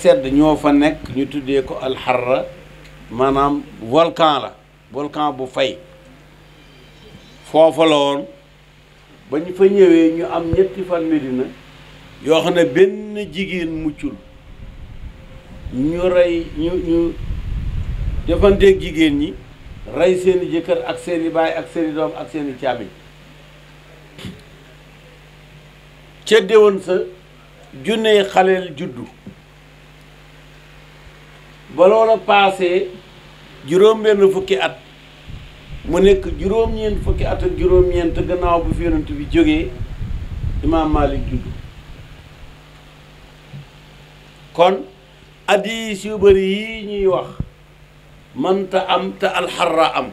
sedd ñoo fa nekk ñu tuddee ko alxarra maanaam volcan la volcan bu fay foofa la woon ba ñu fa ñëwee ñu am ñetti fan Medina yoo xam ne benn jigéen muccul ñu rey ñu ñu defanteeg jigéen ñi rey seeni jëkkër ak seeni baay ak seeni doom ak seeni càmmiñ ca déwén sa junney xaleel juddu ba loola paasee juróom-benn fukki at mu nekk juróom-ñeent fukki at ak juróom-ñeent gannaaw bu fi yonent bi jógee imaam Malik judd kon hadiis yu bari yii ñuy wax mënta am te alxarra am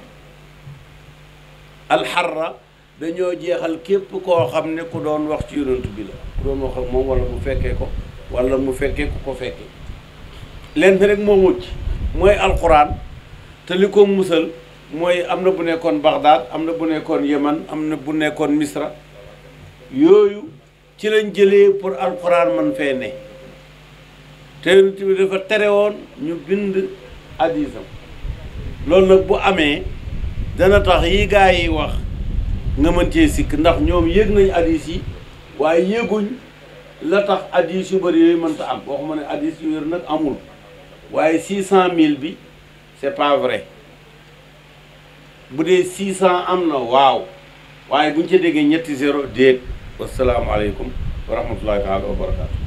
alxarra dañoo jeexal képp koo xam ne ku doon wax ci yonent bi la ku doon wax ak moom wala mu fekkee ko wala mu fekkee ku ko fekkee leen fi rek moo mucc mooy alxuraan te li ko musal mooy am na bu nekkoon Bagdad am na bu nekkoon Yemen am na bu nekkoon Misra yooyu ci lañ jëlee pour alxuraan man fee ne te yonent bi dafa tere woon ñu bind hadiisam loolu nag bu amee dana tax yi gaa yi wax nga mën cee sikk ndax ñoom yëg nañ hadiis yi waaye yëguñ la tax hadiis yu bëri yooyu mënta am waxuma ne hadiis yu wér nag amul waaye six cent mille bi c'est pas vrai bu dee six cent am na waaw waaye bu ñu ca déggee ñetti zéro déet wasalaamualeykum wa rahmatullahi taala wa barakatu